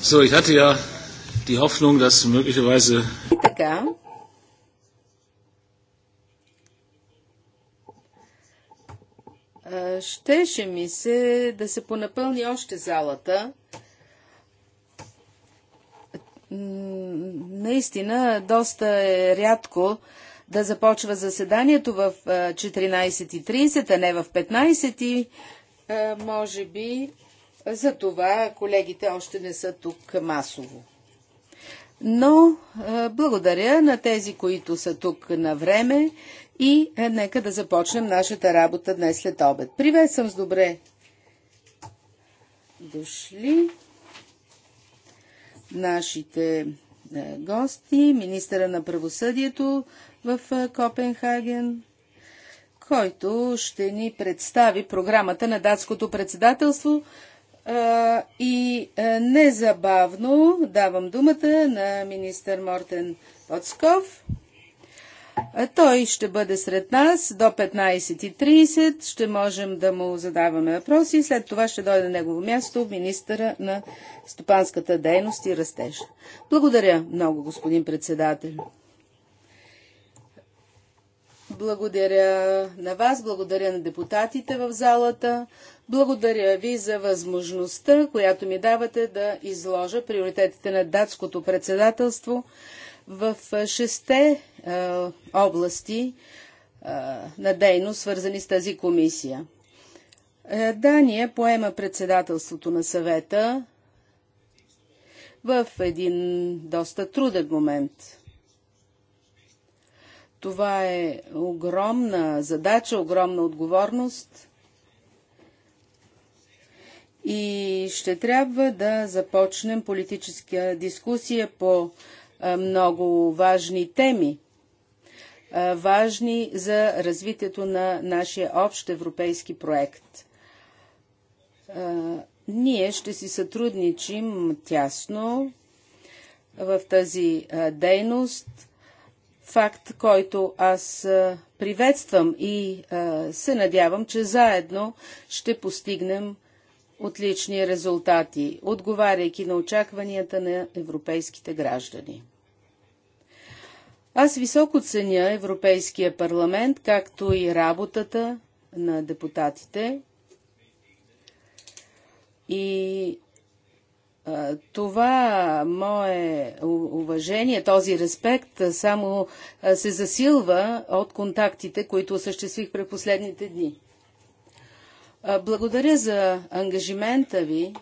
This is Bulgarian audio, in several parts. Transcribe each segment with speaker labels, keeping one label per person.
Speaker 1: So, ich hatte ja die Hoffnung, dass möglicherweise.
Speaker 2: Така. Е, щеше ми се да се понапълни още залата. Наистина, доста е рядко да започва заседанието в 14.30, е, а не в 15. Е, може би затова колегите още не са тук масово. Но благодаря на тези, които са тук на време и нека да започнем нашата работа днес след обед. Привет съм с добре. Дошли нашите гости, министъра на правосъдието в Копенхаген, който ще ни представи програмата на датското председателство и незабавно давам думата на министър Мортен Поцков. Той ще бъде сред нас до 15.30. Ще можем да му задаваме въпроси. След това ще дойде на негово място министъра на стопанската дейност и растеж. Благодаря много, господин председател. Благодаря на вас, благодаря на депутатите в залата, благодаря ви за възможността, която ми давате да изложа приоритетите на датското председателство в шесте е, области е, на дейност, свързани с тази комисия. Е, Дания поема председателството на съвета в един доста труден момент – това е огромна задача, огромна отговорност и ще трябва да започнем политическа дискусия по много важни теми, важни за развитието на нашия общ европейски проект. Ние ще си сътрудничим тясно в тази дейност – факт, който аз приветствам и се надявам, че заедно ще постигнем отлични резултати, отговаряйки на очакванията на европейските граждани. Аз високо ценя Европейския парламент, както и работата на депутатите и това мое уважение, този респект само се засилва от контактите, които осъществих през последните дни. Благодаря за ангажимента ви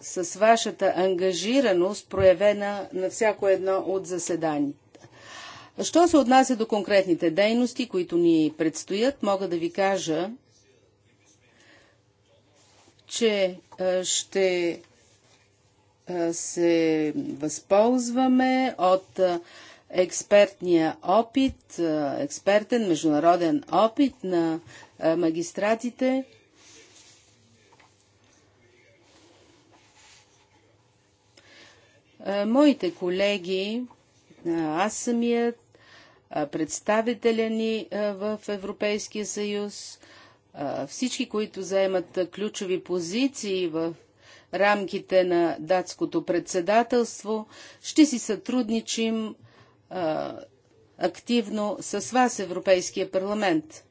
Speaker 2: с вашата ангажираност, проявена на всяко едно от заседанията. Що се отнася до конкретните дейности, които ни предстоят, мога да ви кажа, че ще се възползваме от експертния опит, експертен международен опит на магистратите. Моите колеги, аз самият, представителя ни в Европейския съюз, всички, които заемат ключови позиции в рамките на датското председателство, ще си сътрудничим а, активно с вас, Европейския парламент.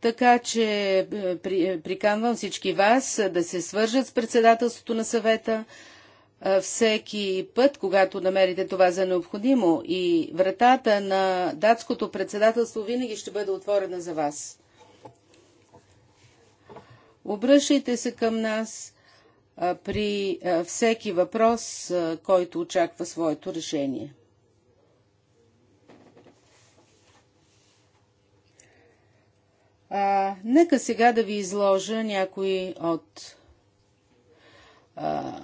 Speaker 2: Така че е, при, е, приканвам всички вас да се свържат с председателството на съвета всеки път, когато намерите това за необходимо и вратата на датското председателство винаги ще бъде отворена за вас. Обръщайте се към нас при всеки въпрос, който очаква своето решение. А, нека сега да ви изложа някои от а,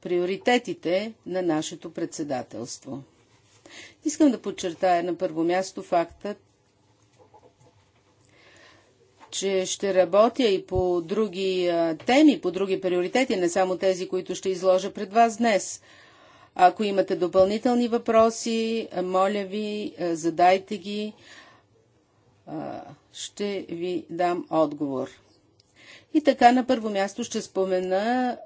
Speaker 2: приоритетите на нашето председателство. Искам да подчертая на първо място фактът, че ще работя и по други теми, по други приоритети, не само тези, които ще изложа пред вас днес. Ако имате допълнителни въпроси, моля ви, задайте ги. Ще ви дам отговор. И така, на първо място ще спомена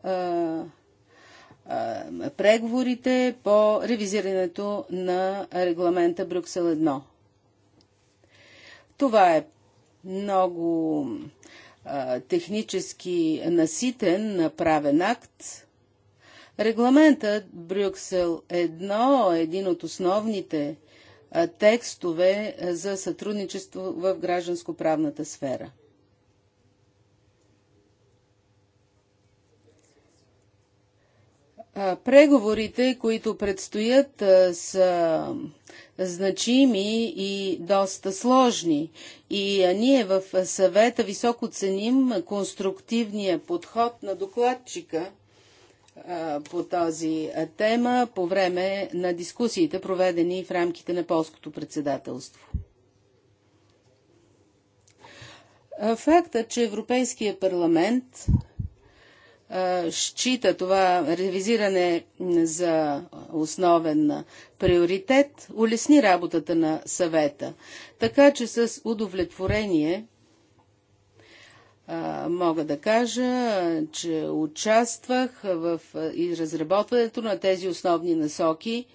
Speaker 2: преговорите по ревизирането на регламента Брюксел 1. Това е много а, технически наситен направен акт. Регламентът Брюксел 1 е един от основните а, текстове за сътрудничество в гражданско-правната сфера. Преговорите, които предстоят, са значими и доста сложни. И ние в съвета високо ценим конструктивния подход на докладчика по тази тема по време на дискусиите, проведени в рамките на полското председателство. Факта, че Европейския парламент счита това ревизиране за основен приоритет, улесни работата на съвета. Така че с удовлетворение мога да кажа, че участвах в разработването на тези основни насоки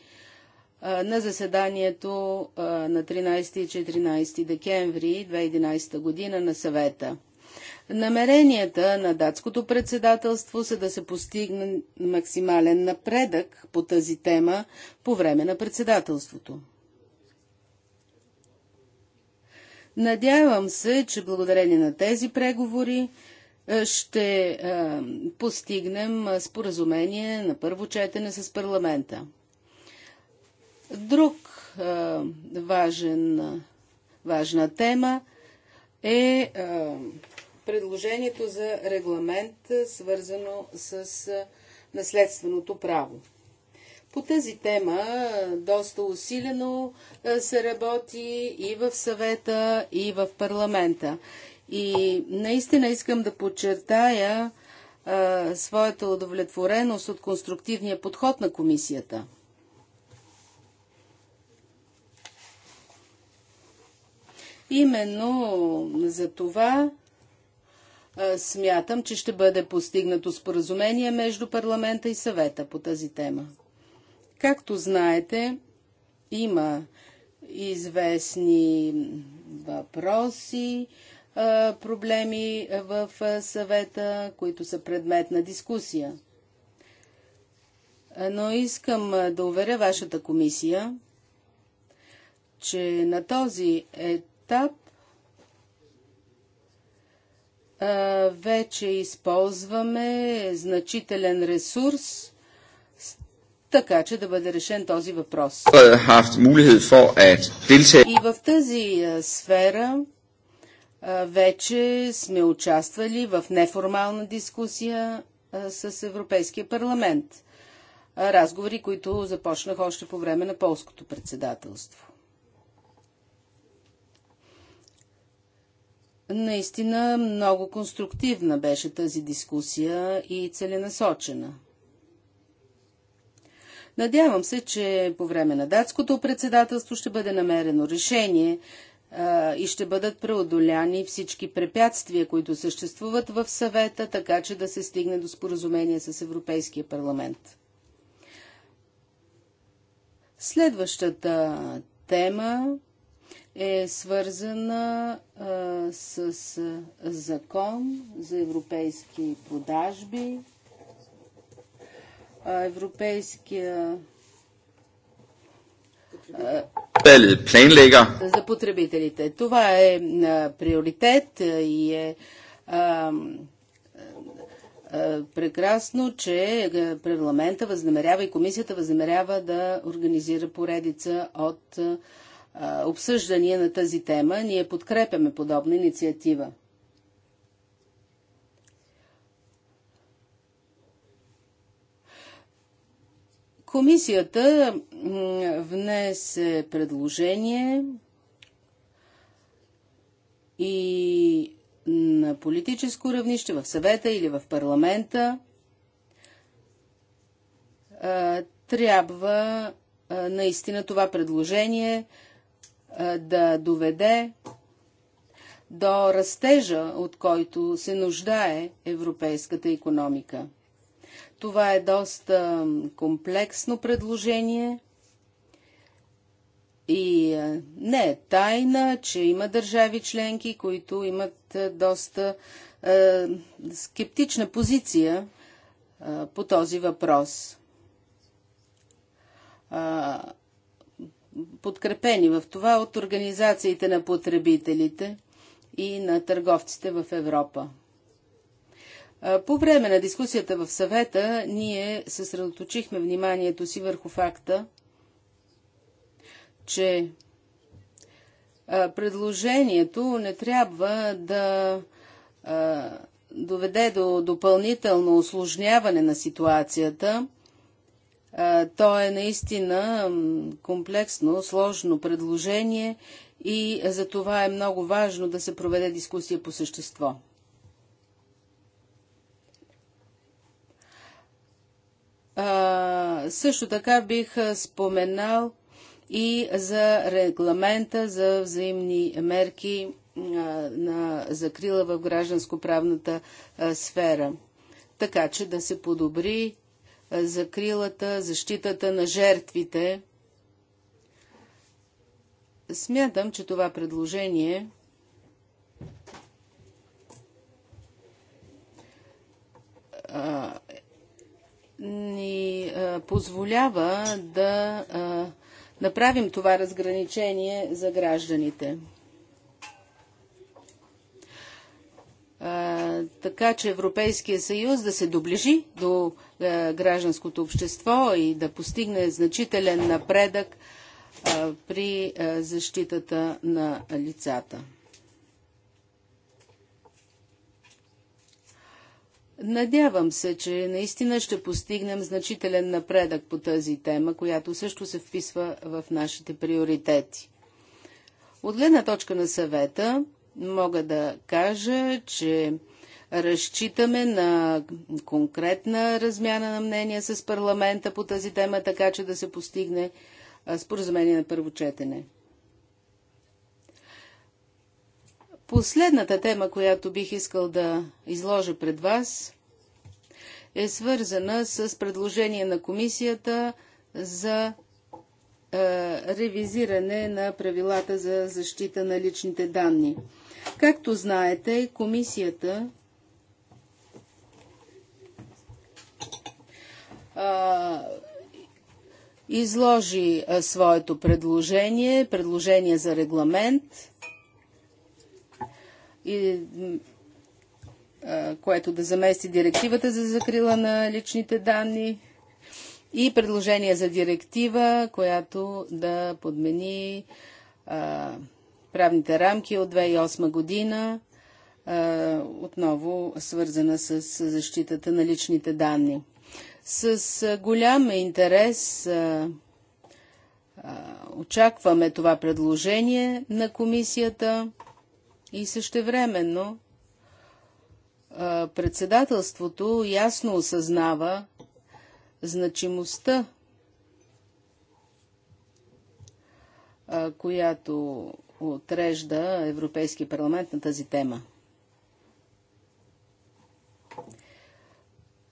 Speaker 2: на заседанието на 13 и 14 декември 2011 година на съвета. Намеренията на датското председателство са да се постигне максимален напредък по тази тема по време на председателството. Надявам се, че благодарение на тези преговори ще постигнем споразумение на първо четене с парламента. Друг важен, важна тема е, е предложението за регламент, е, свързано с е, наследственото право. По тази тема е, доста усилено се работи и в съвета, и в парламента. И наистина искам да подчертая а, своята удовлетвореност от конструктивния подход на комисията. Именно за това е, смятам, че ще бъде постигнато споразумение между парламента и съвета по тази тема. Както знаете, има известни въпроси, е, проблеми в съвета, които са предмет на дискусия. Е, но искам да уверя вашата комисия, че на този етап вече използваме значителен ресурс, така че да бъде решен този въпрос. И в тази сфера вече сме участвали в неформална дискусия с Европейския парламент. Разговори, които започнах още по време на полското председателство. Наистина много конструктивна беше тази дискусия и целенасочена. Надявам се, че по време на датското председателство ще бъде намерено решение а, и ще бъдат преодоляни всички препятствия, които съществуват в съвета, така че да се стигне до споразумение с Европейския парламент. Следващата тема е свързана а, с, закон за европейски продажби. А, европейския а, за потребителите. Това е а, приоритет и е а, прекрасно, че парламента възнамерява и комисията възнамерява да организира поредица от обсъждания на тази тема. Ние подкрепяме подобна инициатива. Комисията внесе предложение и на политическо равнище, в съвета или в парламента, трябва наистина това предложение да доведе до растежа, от който се нуждае европейската економика. Това е доста комплексно предложение и не е тайна, че има държави членки, които имат доста е, скептична позиция е, по този въпрос подкрепени в това от организациите на потребителите и на търговците в Европа. По време на дискусията в съвета ние съсредоточихме вниманието си върху факта, че предложението не трябва да доведе до допълнително осложняване на ситуацията – то е наистина комплексно, сложно предложение и за това е много важно да се проведе дискусия по същество. А, също така бих споменал и за регламента за взаимни мерки а, на закрила в гражданско-правната сфера, така че да се подобри закрилата, защитата на жертвите. Смятам, че това предложение а, ни а, позволява да а, направим това разграничение за гражданите. така че Европейския съюз да се доближи до гражданското общество и да постигне значителен напредък при защитата на лицата. Надявам се, че наистина ще постигнем значителен напредък по тази тема, която също се вписва в нашите приоритети. От гледна точка на съвета, мога да кажа, че разчитаме на конкретна размяна на мнения с парламента по тази тема, така че да се постигне споразумение на първо четене. Последната тема, която бих искал да изложа пред вас, е свързана с предложение на комисията за е, ревизиране на правилата за защита на личните данни. Както знаете, комисията а, изложи а, своето предложение, предложение за регламент, и, а, което да замести директивата за закрила на личните данни и предложение за директива, която да подмени а, правните рамки от 2008 година, отново свързана с защитата на личните данни. С голям интерес очакваме това предложение на комисията и същевременно председателството ясно осъзнава значимостта, която отрежда Европейския парламент на тази тема.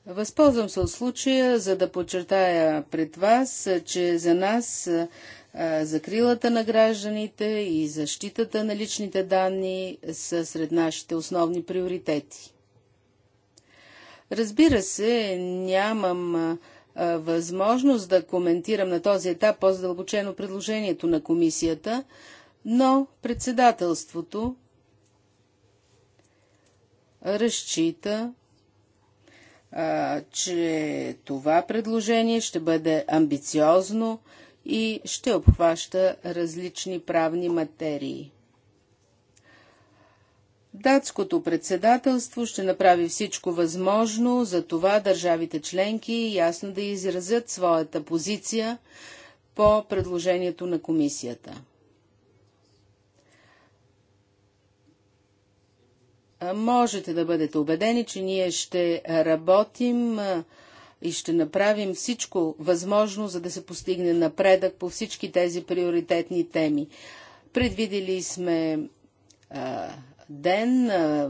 Speaker 2: Възползвам се от случая, за да подчертая пред вас, че за нас закрилата на гражданите и защитата на личните данни са сред нашите основни приоритети. Разбира се, нямам възможност да коментирам на този етап по-задълбочено предложението на комисията, но председателството разчита, а, че това предложение ще бъде амбициозно и ще обхваща различни правни материи. Датското председателство ще направи всичко възможно за това държавите членки ясно да изразят своята позиция по предложението на комисията. Можете да бъдете убедени, че ние ще работим и ще направим всичко възможно, за да се постигне напредък по всички тези приоритетни теми. Предвидели сме а, ден, а,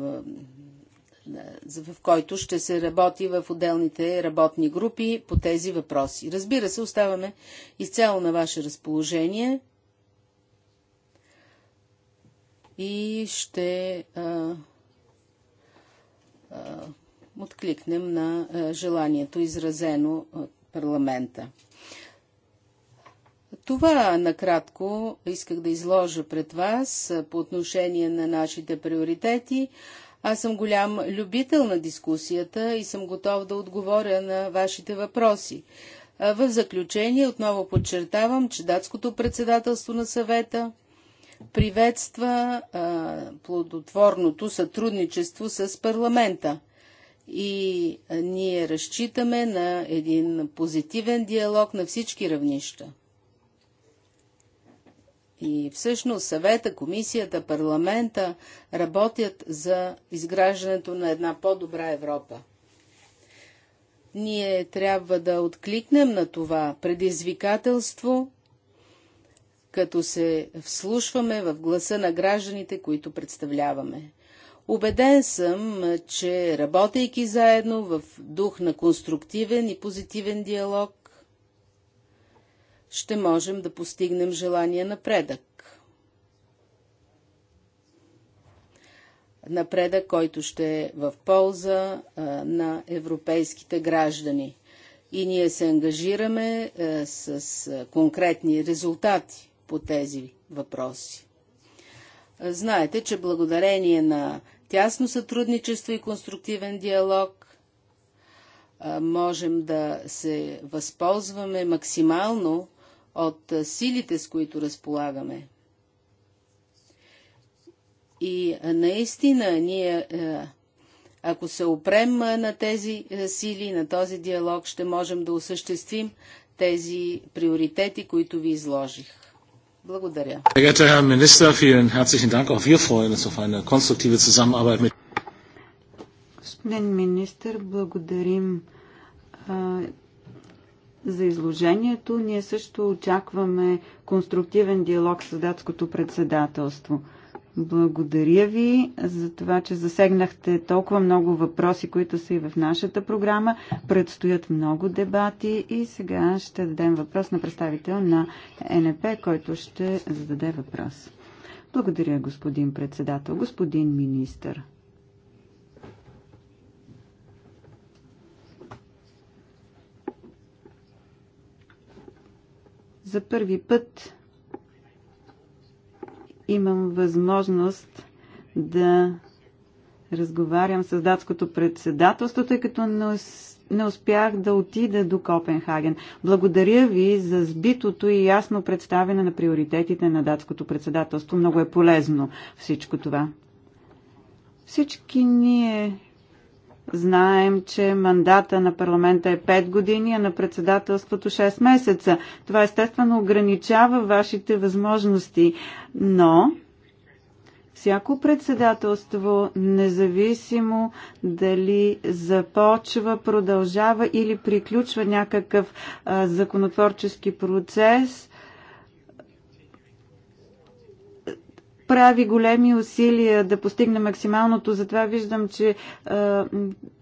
Speaker 2: в който ще се работи в отделните работни групи по тези въпроси. Разбира се, оставаме изцяло на ваше разположение и ще а, откликнем на желанието, изразено от парламента. Това накратко исках да изложа пред вас по отношение на нашите приоритети. Аз съм голям любител на дискусията и съм готов да отговоря на вашите въпроси. В заключение отново подчертавам, че датското председателство на съвета – приветства а, плодотворното сътрудничество с парламента. И а, ние разчитаме на един позитивен диалог на всички равнища. И всъщност съвета, комисията, парламента работят за изграждането на една по-добра Европа. Ние трябва да откликнем на това предизвикателство – като се вслушваме в гласа на гражданите, които представляваме. Убеден съм, че работейки заедно в дух на конструктивен и позитивен диалог, ще можем да постигнем желания напредък. Напредък, който ще е в полза на европейските граждани. И ние се ангажираме с конкретни резултати по тези въпроси. Знаете, че благодарение на тясно сътрудничество и конструктивен диалог можем да се възползваме максимално от силите, с които разполагаме. И наистина ние, ако се опрем на тези сили, на този диалог, ще можем да осъществим тези приоритети, които ви изложих.
Speaker 3: Благодаря. Господин министр, благодарим а, за изложението. Ние също очакваме конструктивен диалог с датското председателство. Благодаря ви за това, че засегнахте толкова много въпроси, които са и в нашата програма. Предстоят много дебати и сега ще дадем въпрос на представител на НП, който ще зададе въпрос. Благодаря, господин председател, господин министър. За първи път имам възможност да разговарям с датското председателство, тъй като не, успях да отида до Копенхаген. Благодаря ви за сбитото и ясно представяне на приоритетите на датското председателство. Много е полезно всичко това. Всички ние Знаем, че мандата на парламента е 5 години, а на председателството 6 месеца. Това естествено ограничава вашите възможности, но всяко председателство, независимо дали започва, продължава или приключва някакъв а, законотворчески процес, прави големи усилия да постигне максималното. Затова виждам, че а, е,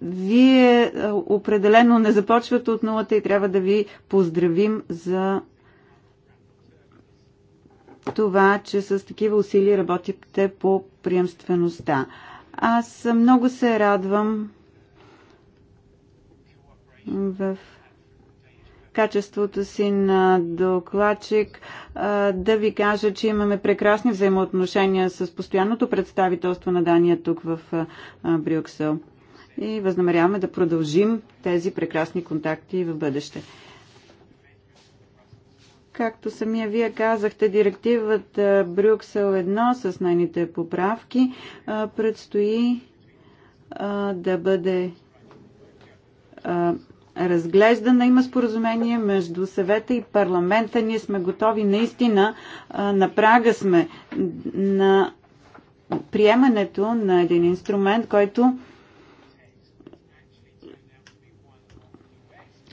Speaker 3: вие е, определено не започвате от нулата и трябва да ви поздравим за това, че с такива усилия работите по приемствеността. Аз много се радвам в качеството си на докладчик да ви кажа, че имаме прекрасни взаимоотношения с постоянното представителство на Дания тук в Брюксел. И възнамеряваме да продължим тези прекрасни контакти в бъдеще. Както самия вие казахте, директивата Брюксел 1 с нейните поправки предстои да бъде разглеждана. Има споразумение между съвета и парламента. Ние сме готови наистина, на прага сме на приемането на един инструмент, който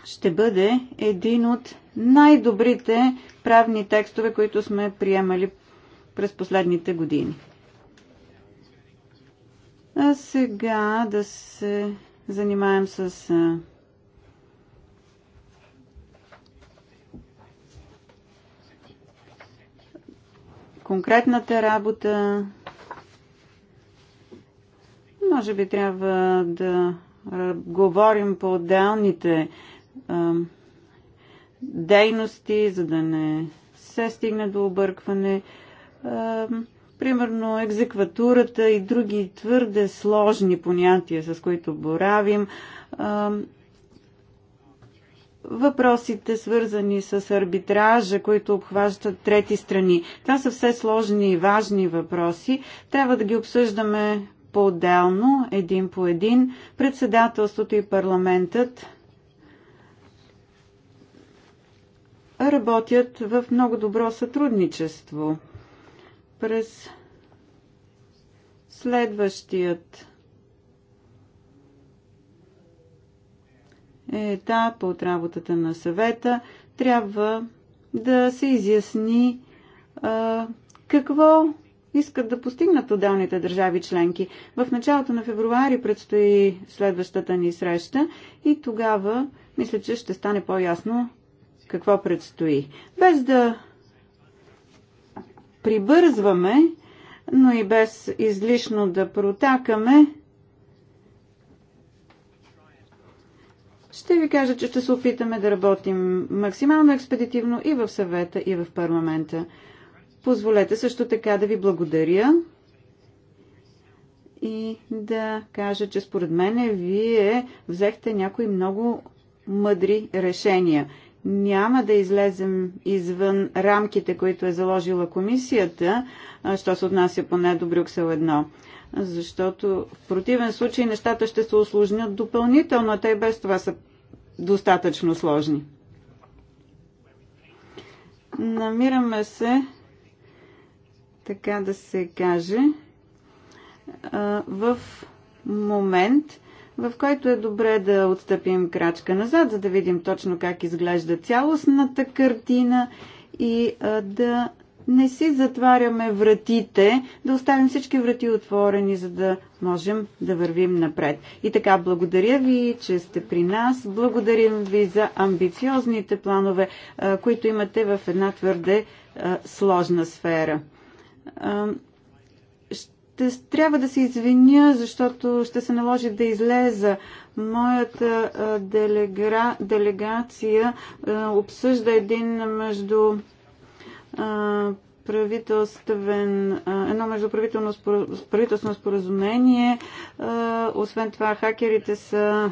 Speaker 3: ще бъде един от най-добрите правни текстове, които сме приемали през последните години. А сега да се занимаем с конкретната работа. Може би трябва да говорим по отделните а, дейности, за да не се стигне до объркване. А, примерно екзекватурата и други твърде сложни понятия, с които боравим, а, въпросите, свързани с арбитража, които обхващат трети страни. Това са все сложни и важни въпроси. Трябва да ги обсъждаме по-отделно, един по един. Председателството и парламентът работят в много добро сътрудничество. През следващият етап от работата на съвета трябва да се изясни а, какво искат да постигнат отделните държави членки. В началото на февруари предстои следващата ни среща и тогава мисля, че ще стане по-ясно какво предстои. Без да прибързваме, но и без излишно да протакаме, ще ви кажа, че ще се опитаме да работим максимално експедитивно и в съвета, и в парламента. Позволете също така да ви благодаря и да кажа, че според мен вие взехте някои много мъдри решения. Няма да излезем извън рамките, които е заложила комисията, що се отнася поне до Брюксел 1 защото в противен случай нещата ще се осложнят допълнително, а те без това са достатъчно сложни. Намираме се, така да се каже, в момент, в който е добре да отстъпим крачка назад, за да видим точно как изглежда цялостната картина и да не си затваряме вратите, да оставим всички врати отворени, за да можем да вървим напред. И така, благодаря ви, че сте при нас. Благодарим ви за амбициозните планове, които имате в една твърде сложна сфера. Ще трябва да се извиня, защото ще се наложи да излеза. Моята делегра... делегация обсъжда един между правителствен, едно междуправително правителствено споразумение. Освен това, хакерите са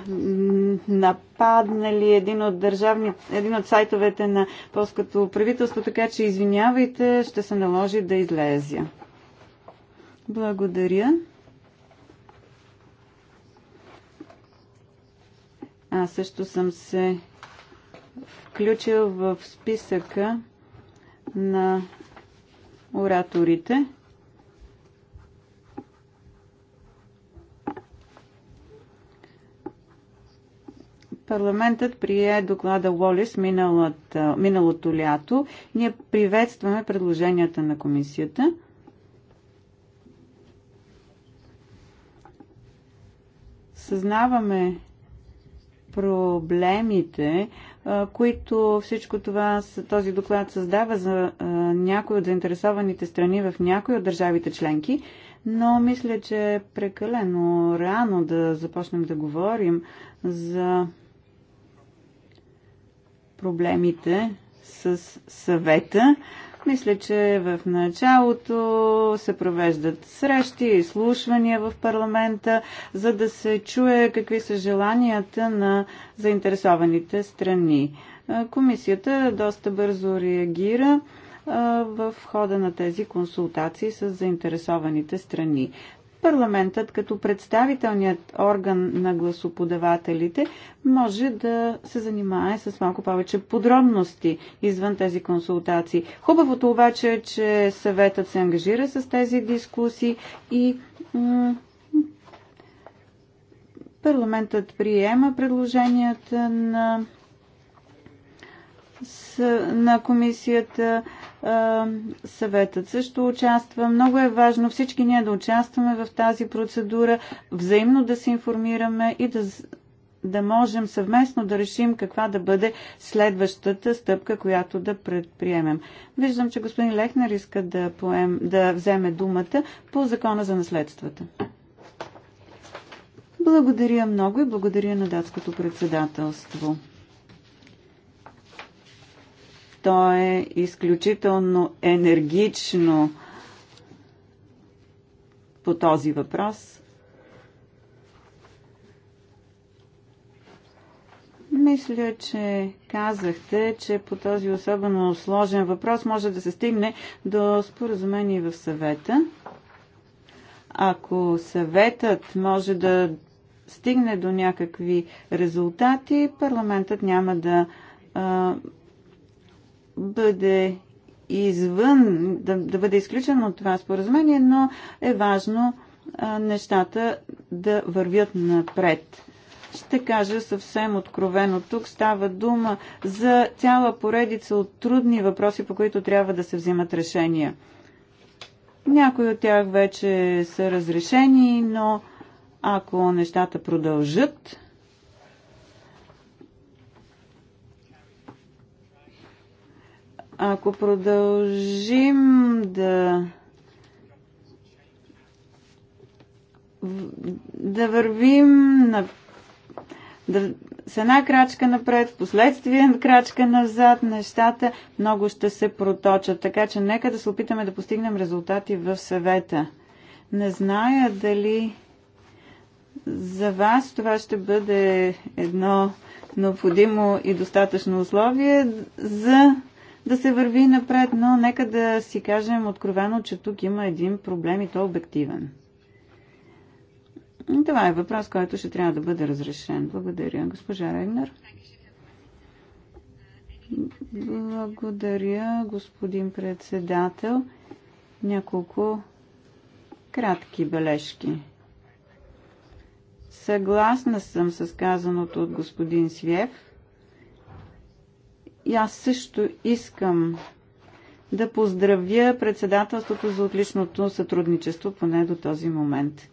Speaker 3: нападнали един от, държавни, един от сайтовете на полското правителство, така че извинявайте, ще се наложи да излезя. Благодаря. Аз също съм се включил в списъка на ораторите. Парламентът прие доклада Уолис миналото, миналото лято. Ние приветстваме предложенията на комисията. Съзнаваме проблемите, които всичко това, този доклад създава за някои от заинтересованите страни в някои от държавите членки, но мисля, че е прекалено рано да започнем да говорим за проблемите с съвета. Мисля, че в началото се провеждат срещи и слушвания в парламента, за да се чуе какви са желанията на заинтересованите страни. Комисията доста бързо реагира в хода на тези консултации с заинтересованите страни парламентът като представителният орган на гласоподавателите може да се занимае с малко повече подробности извън тези консултации. Хубавото обаче е, че съветът се ангажира с тези дискусии и парламентът приема предложенията на на комисията съветът също участва. Много е важно всички ние да участваме в тази процедура, взаимно да се информираме и да, да можем съвместно да решим каква да бъде следващата стъпка, която да предприемем. Виждам, че господин Лехнер иска да, поем, да вземе думата по закона за наследствата. Благодаря много и благодаря на датското председателство. То е изключително енергично по този въпрос. Мисля, че казахте, че по този особено сложен въпрос може да се стигне до споразумение в съвета. Ако съветът може да стигне до някакви резултати, парламентът няма да а, бъде извън, да, да бъде изключен от това споразумение, но е важно а, нещата да вървят напред. Ще кажа съвсем откровено, тук става дума за цяла поредица от трудни въпроси, по които трябва да се взимат решения. Някои от тях вече са разрешени, но ако нещата продължат Ако продължим да да вървим на, да, с една крачка напред, последствие крачка назад, нещата много ще се проточат. Така че нека да се опитаме да постигнем резултати в съвета. Не зная дали за вас това ще бъде едно необходимо и достатъчно условие за да се върви напред, но нека да си кажем откровено, че тук има един проблем и то е обективен. Това е въпрос, който ще трябва да бъде разрешен. Благодаря, госпожа Регнер. Благодаря, господин председател. Няколко кратки бележки. Съгласна съм с казаното от господин Свиев. И аз също искам да поздравя председателството за отличното сътрудничество, поне до този момент.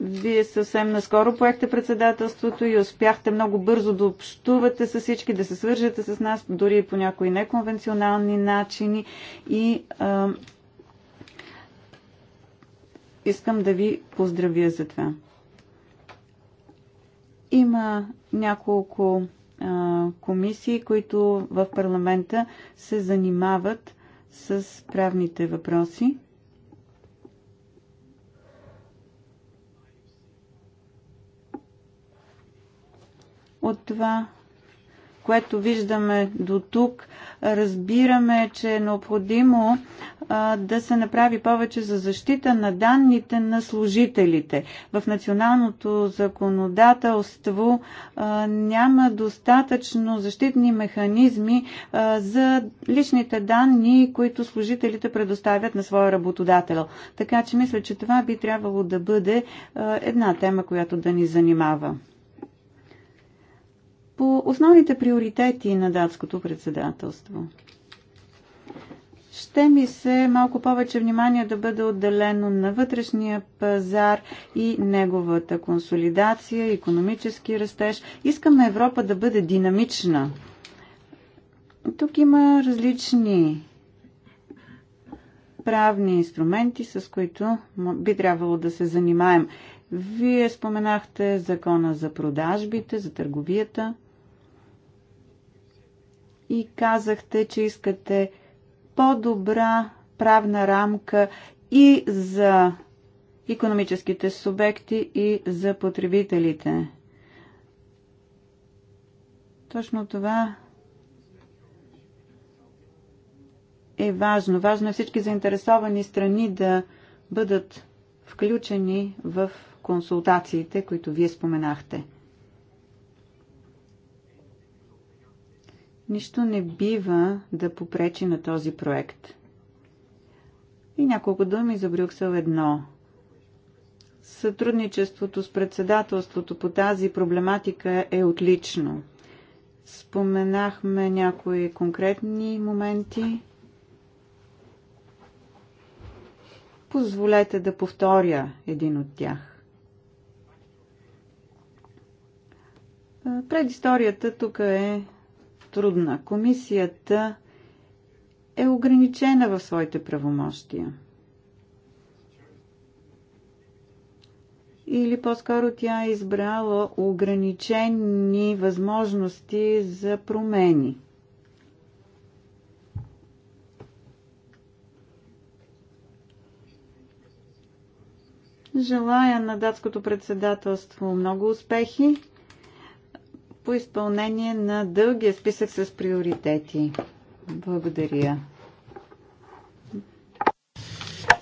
Speaker 3: Вие съвсем наскоро поехте председателството и успяхте много бързо да общувате с всички, да се свържете с нас, дори и по някои неконвенционални начини. И а, искам да ви поздравя за това. Има няколко а, комисии, които в парламента се занимават с правните въпроси. От това, което виждаме до тук, разбираме, че е необходимо а, да се направи повече за защита на данните на служителите. В националното законодателство а, няма достатъчно защитни механизми а, за личните данни, които служителите предоставят на своя работодател. Така че мисля, че това би трябвало да бъде а, една тема, която да ни занимава по основните приоритети на датското председателство. Ще ми се малко повече внимание да бъде отделено на вътрешния пазар и неговата консолидация, економически растеж. Искаме Европа да бъде динамична. Тук има различни правни инструменти, с които би трябвало да се занимаем. Вие споменахте закона за продажбите, за търговията и казахте, че искате по-добра правна рамка и за економическите субекти и за потребителите. Точно това е важно. Важно е всички заинтересовани страни да бъдат включени в консултациите, които вие споменахте. Нищо не бива да попречи на този проект. И няколко думи за Брюксел едно. Сътрудничеството с председателството по тази проблематика е отлично. Споменахме някои конкретни моменти. Позволете да повторя един от тях. Предисторията тук е трудна. Комисията е ограничена в своите правомощия. Или по-скоро тя е избрала ограничени възможности за промени. Желая на датското председателство много успехи по изпълнение на дългия списък с приоритети. Благодаря.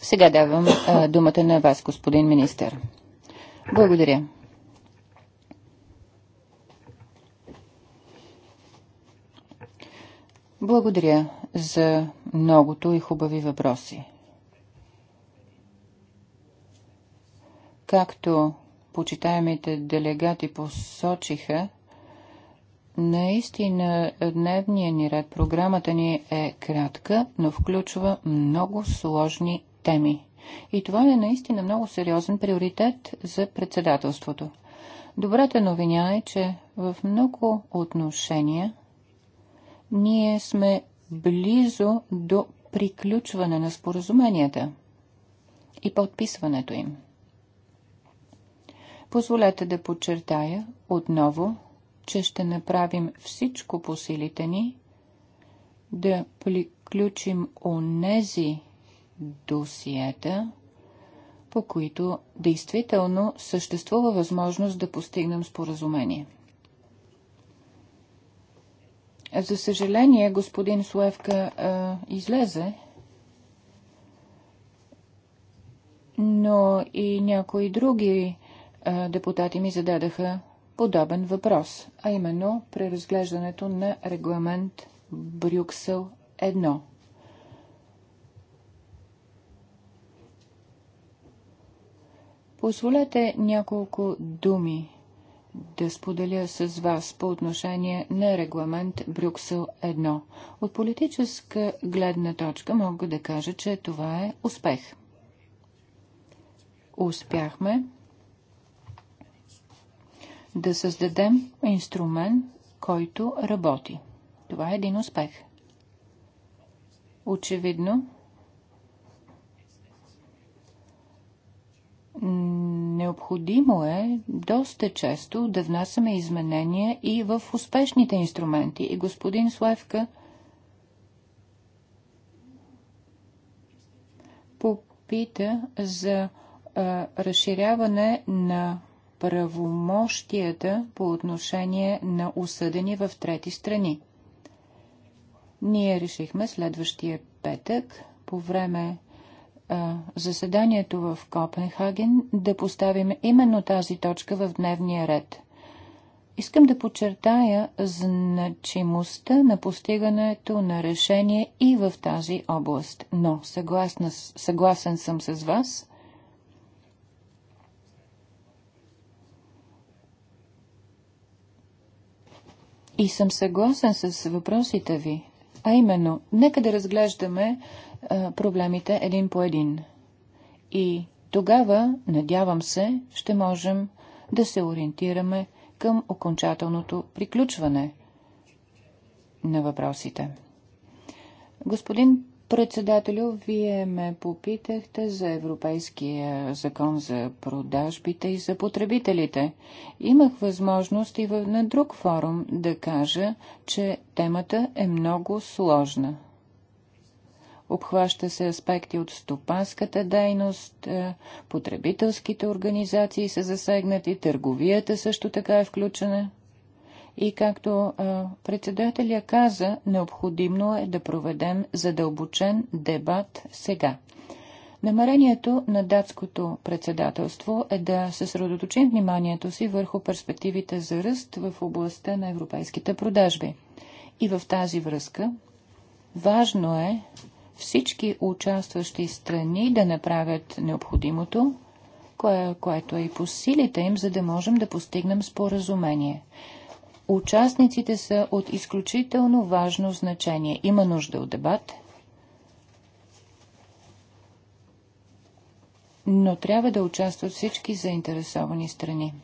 Speaker 4: Сега давам а, думата на вас, господин министър. Благодаря. Благодаря за многото и хубави въпроси. Както почитаемите делегати посочиха, Наистина дневния ни ред, програмата ни е кратка, но включва много сложни теми. И това е наистина много сериозен приоритет за председателството. Добрата новина е, че в много отношения ние сме близо до приключване на споразуменията и подписването им. Позволете да подчертая отново че ще направим всичко по силите ни да приключим онези досиета, по които действително съществува възможност да постигнем споразумение. За съжаление, господин Суевка, а, излезе, но и някои други а, депутати ми зададаха подобен въпрос, а именно преразглеждането на регламент Брюксел 1. Позволете няколко думи да споделя с вас по отношение на регламент Брюксел 1. От политическа гледна точка мога да кажа, че това е успех. Успяхме да създадем инструмент, който работи. Това е един успех. Очевидно, необходимо е доста често да внасяме изменения и в успешните инструменти. И господин Славка попита за а, разширяване на правомощията по отношение на осъдени в трети страни. Ние решихме следващия петък по време а, заседанието в Копенхаген да поставим именно тази точка в дневния ред. Искам да подчертая значимостта на постигането на решение и в тази област, но съгласна, съгласен съм с вас – И съм съгласен с въпросите ви. А именно, нека да разглеждаме а, проблемите един по един. И тогава, надявам се, ще можем да се ориентираме към окончателното приключване на въпросите. Господин Председателю, вие ме попитахте за Европейския закон за продажбите и за потребителите. Имах възможност и на друг форум да кажа, че темата е много сложна. Обхваща се аспекти от стопанската дейност, е, потребителските организации са засегнати, търговията също така е включена. И както председателя каза, необходимо е да проведем задълбочен дебат сега. Намерението на датското председателство е да съсредоточим вниманието си върху перспективите за ръст в областта на европейските продажби. И в тази връзка важно е всички участващи страни да направят необходимото, кое, което е и по силите им, за да можем да постигнем споразумение. Участниците са от изключително важно значение. Има нужда от дебат, но трябва да участват всички заинтересовани страни.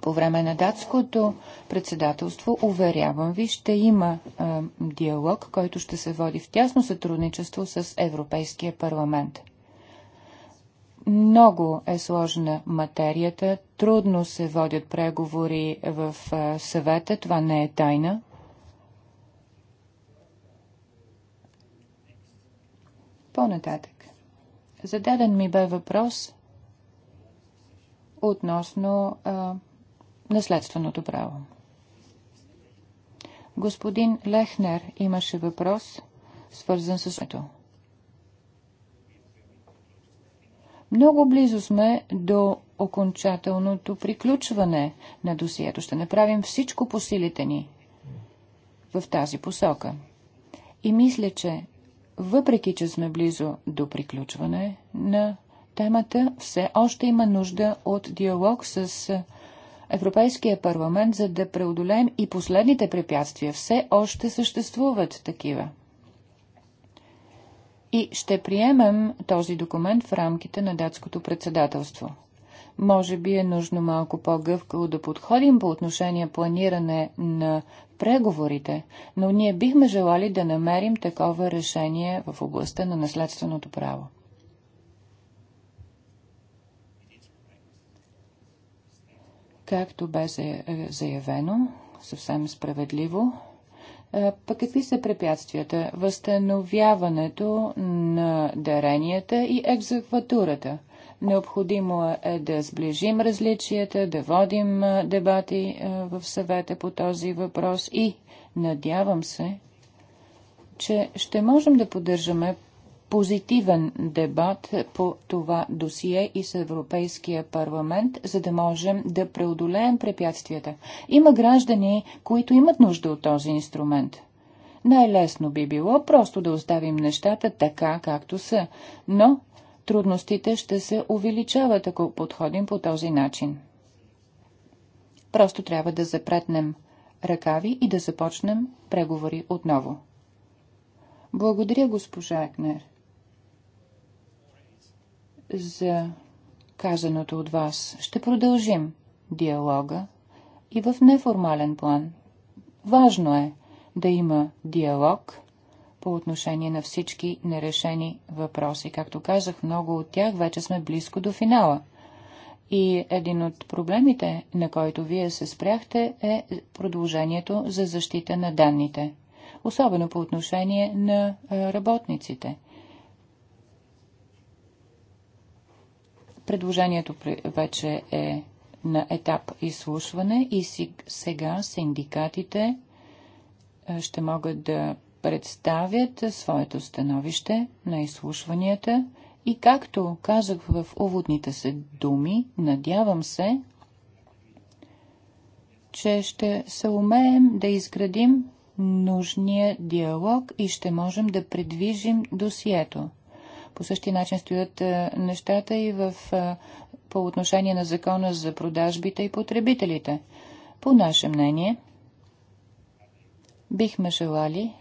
Speaker 4: По време на датското председателство, уверявам ви, ще има а, е, диалог, който ще се води в тясно сътрудничество с Европейския парламент. Много е сложна материята, трудно се водят преговори в съвета, това не е тайна. По-нататък. Зададен ми бе въпрос относно а, наследственото право. Господин Лехнер имаше въпрос, свързан с ето. Много близо сме до окончателното приключване на досието. Ще направим всичко по силите ни в тази посока. И мисля, че въпреки, че сме близо до приключване на темата, все още има нужда от диалог с Европейския парламент, за да преодолеем и последните препятствия. Все още съществуват такива. И ще приемем този документ в рамките на датското председателство. Може би е нужно малко по-гъвкаво да подходим по отношение планиране на преговорите, но ние бихме желали да намерим такова решение в областта на наследственото право. Както бе заявено, съвсем справедливо, пък какви са препятствията? Възстановяването на даренията и екзекватурата. Необходимо е да сближим различията, да водим дебати в съвета по този въпрос и надявам се, че ще можем да поддържаме позитивен дебат по това досие и с Европейския парламент, за да можем да преодолеем препятствията. Има граждани, които имат нужда от този инструмент. Най-лесно би било просто да оставим нещата така, както са, но трудностите ще се увеличават, ако подходим по този начин. Просто трябва да запретнем ръкави и да започнем преговори отново. Благодаря, госпожа Екнер за казаното от вас. Ще продължим диалога и в неформален план. Важно е да има диалог по отношение на всички нерешени въпроси. Както казах, много от тях вече сме близко до финала. И един от проблемите, на който вие се спряхте, е продължението за защита на данните, особено по отношение на работниците – Предложението вече е на етап изслушване и сега синдикатите е, ще могат да представят своето становище на изслушванията и както казах в уводните се думи, надявам се, че ще се умеем да изградим нужния диалог и ще можем да предвижим досието. По същия начин стоят е, нещата и в, е, по отношение на закона за продажбите и потребителите. По наше мнение, бихме желали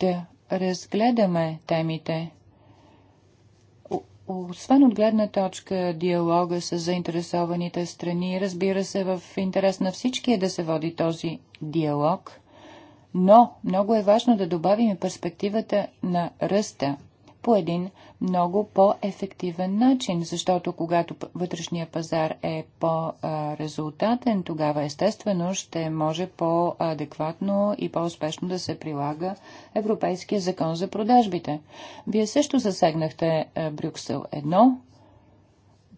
Speaker 4: да разгледаме темите, освен от гледна точка диалога с заинтересованите страни, разбира се, в интерес на всички е да се води този диалог – но много е важно да добавим и перспективата на ръста по един много по-ефективен начин, защото когато вътрешния пазар е по-резултатен, тогава естествено ще може по-адекватно и по-успешно да се прилага Европейския закон за продажбите. Вие също засегнахте е, Брюксел 1,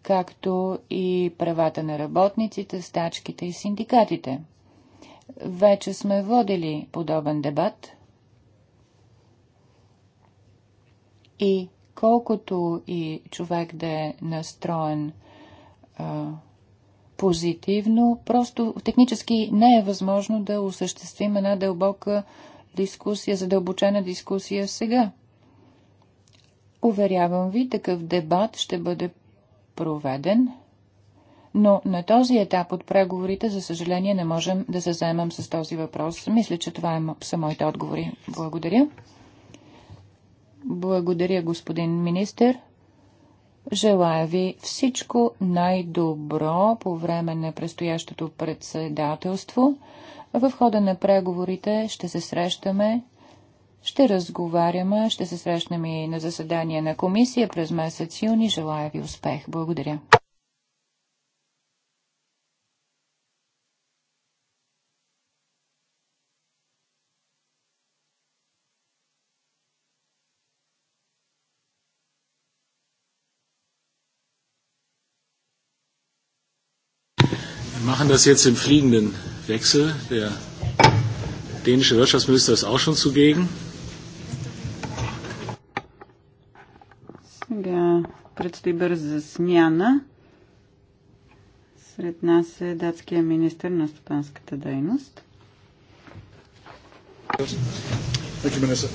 Speaker 4: както и правата на работниците, стачките и синдикатите – вече сме водили подобен дебат. И колкото и човек да е настроен а, позитивно, просто технически не е възможно да осъществим една дълбока дискусия, задълбочена дискусия сега. Уверявам ви, такъв дебат ще бъде проведен но на този етап от преговорите, за съжаление, не можем да се заемам с този въпрос. Мисля, че това е, са моите отговори. Благодаря. Благодаря, господин министр. Желая ви всичко най-добро по време на предстоящото председателство. В хода на преговорите ще се срещаме, ще разговаряме, ще се срещнем и на заседание на комисия през месец юни. Желая ви успех. Благодаря.
Speaker 1: machen das jetzt im fliegenden Wechsel. Der dänische Wirtschaftsminister ist auch schon zugegen.
Speaker 3: Сега предстои бърза смяна. Сред нас е датския министр на стопанската дейност.
Speaker 4: Thank you,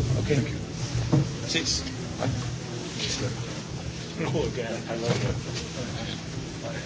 Speaker 1: Thank you.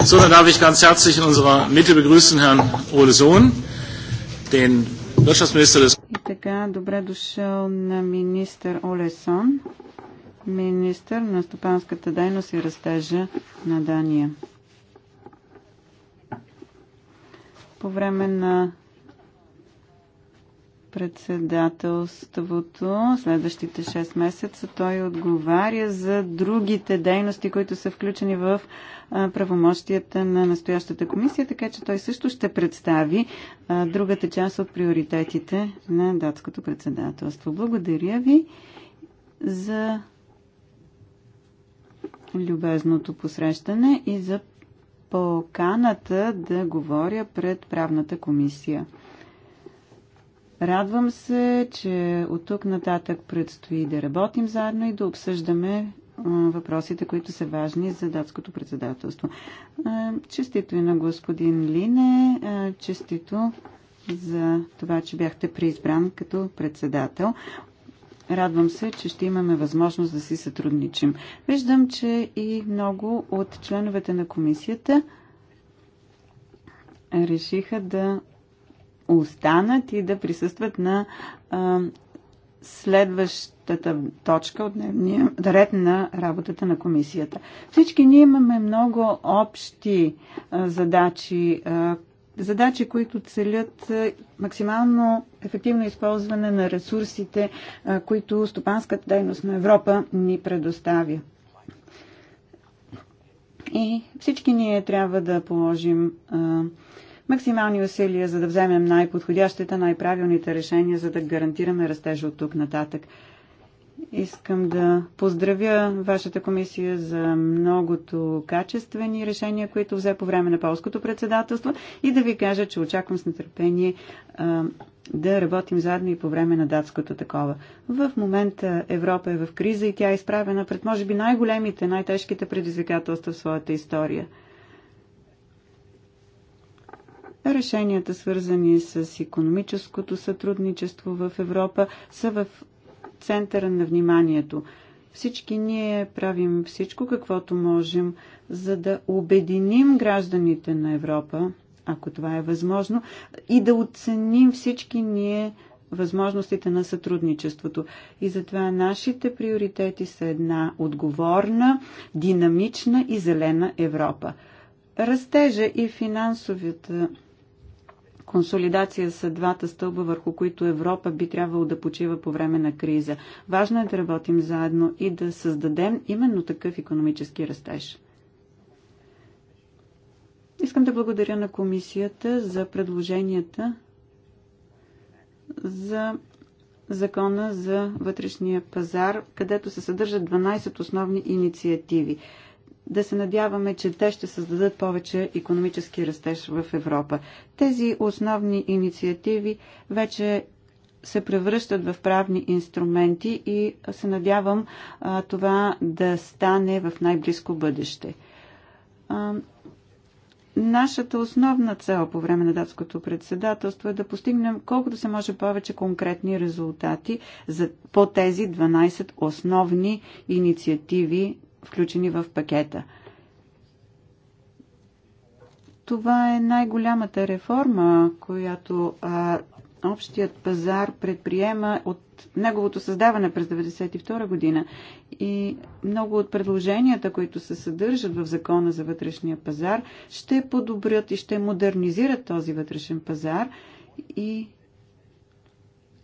Speaker 1: So, dann darf ich ganz herzlich in unserer Mitte begrüßen Herrn Ole Sohn, den Wirtschaftsminister des...
Speaker 3: И така, добре дошъл на министър Олесон, министър на стопанската дейност и растежа на Дания. По време на председателството следващите 6 месеца. Той отговаря за другите дейности, които са включени в правомощията на настоящата комисия, така че той също ще представи другата част от приоритетите на датското председателство. Благодаря ви за любезното посрещане и за поканата да говоря пред правната комисия. Радвам се, че от тук нататък предстои да работим заедно и да обсъждаме въпросите, които са важни за датското председателство. Честито и на господин Лине, честито за това, че бяхте преизбран като председател. Радвам се, че ще имаме възможност да си сътрудничим. Виждам, че и много от членовете на комисията решиха да останат и да присъстват на а, следващата точка от дневния ред на работата на комисията. Всички ние имаме много общи а, задачи, а, задачи, които целят максимално ефективно използване на ресурсите, които стопанската дейност на Европа ни предоставя. И всички ние трябва да положим а, максимални усилия, за да вземем най-подходящите, най-правилните решения, за да гарантираме растежа от тук нататък. Искам да поздравя вашата комисия за многото качествени решения, които взе по време на полското председателство и да ви кажа, че очаквам с нетърпение а, да работим заедно и по време на датското такова. В момента Европа е в криза и тя е изправена пред, може би, най-големите, най-тежките предизвикателства в своята история – решенията, свързани с економическото сътрудничество в Европа, са в центъра на вниманието. Всички ние правим всичко, каквото можем, за да обединим гражданите на Европа, ако това е възможно, и да оценим всички ние възможностите на сътрудничеството. И затова нашите приоритети са една отговорна, динамична и зелена Европа. Растежа и финансовата Консолидация са двата стълба, върху които Европа би трябвало да почива по време на криза. Важно е да работим заедно и да създадем именно такъв економически растеж. Искам да благодаря на комисията за предложенията за закона за вътрешния пазар, където се съдържат 12 основни инициативи да се надяваме, че те ще създадат повече економически растеж в Европа. Тези основни инициативи вече се превръщат в правни инструменти и се надявам а, това да стане в най-близко бъдеще. А, нашата основна цел по време на датското председателство е да постигнем колкото се може повече конкретни резултати за, по тези 12 основни инициативи включени в пакета. Това е най-голямата реформа, която а, общият пазар предприема от неговото създаване през 1992 година. И много от предложенията, които се съдържат в закона за вътрешния пазар, ще подобрят и ще модернизират този вътрешен пазар и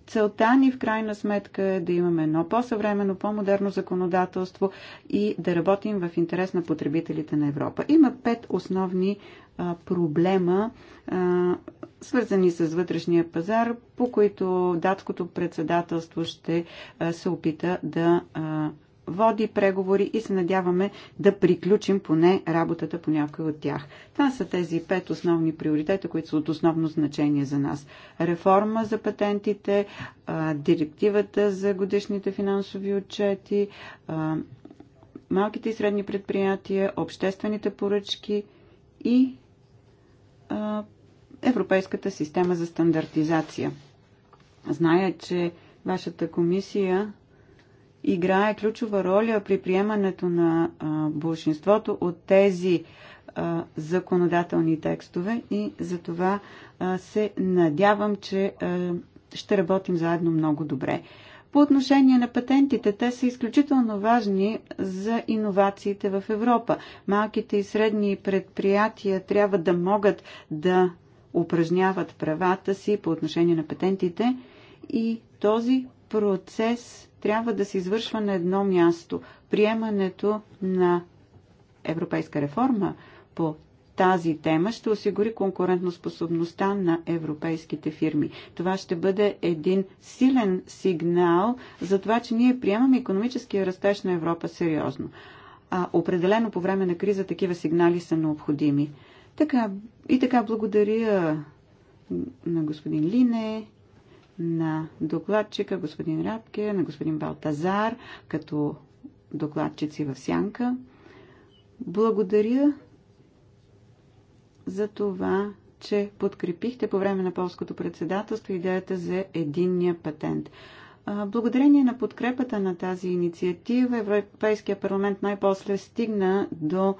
Speaker 3: Целта ни в крайна сметка е да имаме едно по-съвременно, по-модерно законодателство и да работим в интерес на потребителите на Европа. Има пет основни а, проблема, а, свързани с вътрешния пазар, по които датското председателство ще а, се опита да а, води преговори и се надяваме да приключим поне работата по някои от тях. Това са тези пет основни приоритета, които са от основно значение за нас. Реформа за патентите, директивата за годишните финансови отчети, малките и средни предприятия, обществените поръчки и Европейската система за стандартизация. Зная, че вашата комисия играе ключова роля при приемането на большинството от тези законодателни текстове и за това се надявам, че ще работим заедно много добре. По отношение на патентите, те са изключително важни за иновациите в Европа. Малките и средни предприятия трябва да могат да упражняват правата си по отношение на патентите и този процес трябва да се извършва на едно място. Приемането на европейска реформа по тази тема ще осигури конкурентоспособността на европейските фирми. Това ще бъде един силен сигнал за това, че ние приемаме економическия растеж на Европа сериозно. А определено по време на криза такива сигнали са необходими. Така, и така благодаря на господин Лине на докладчика господин Рапке, на господин Балтазар, като докладчици в Сянка. Благодаря за това, че подкрепихте по време на полското председателство идеята за единния патент. Благодарение на подкрепата на тази инициатива, Европейския парламент най-после стигна до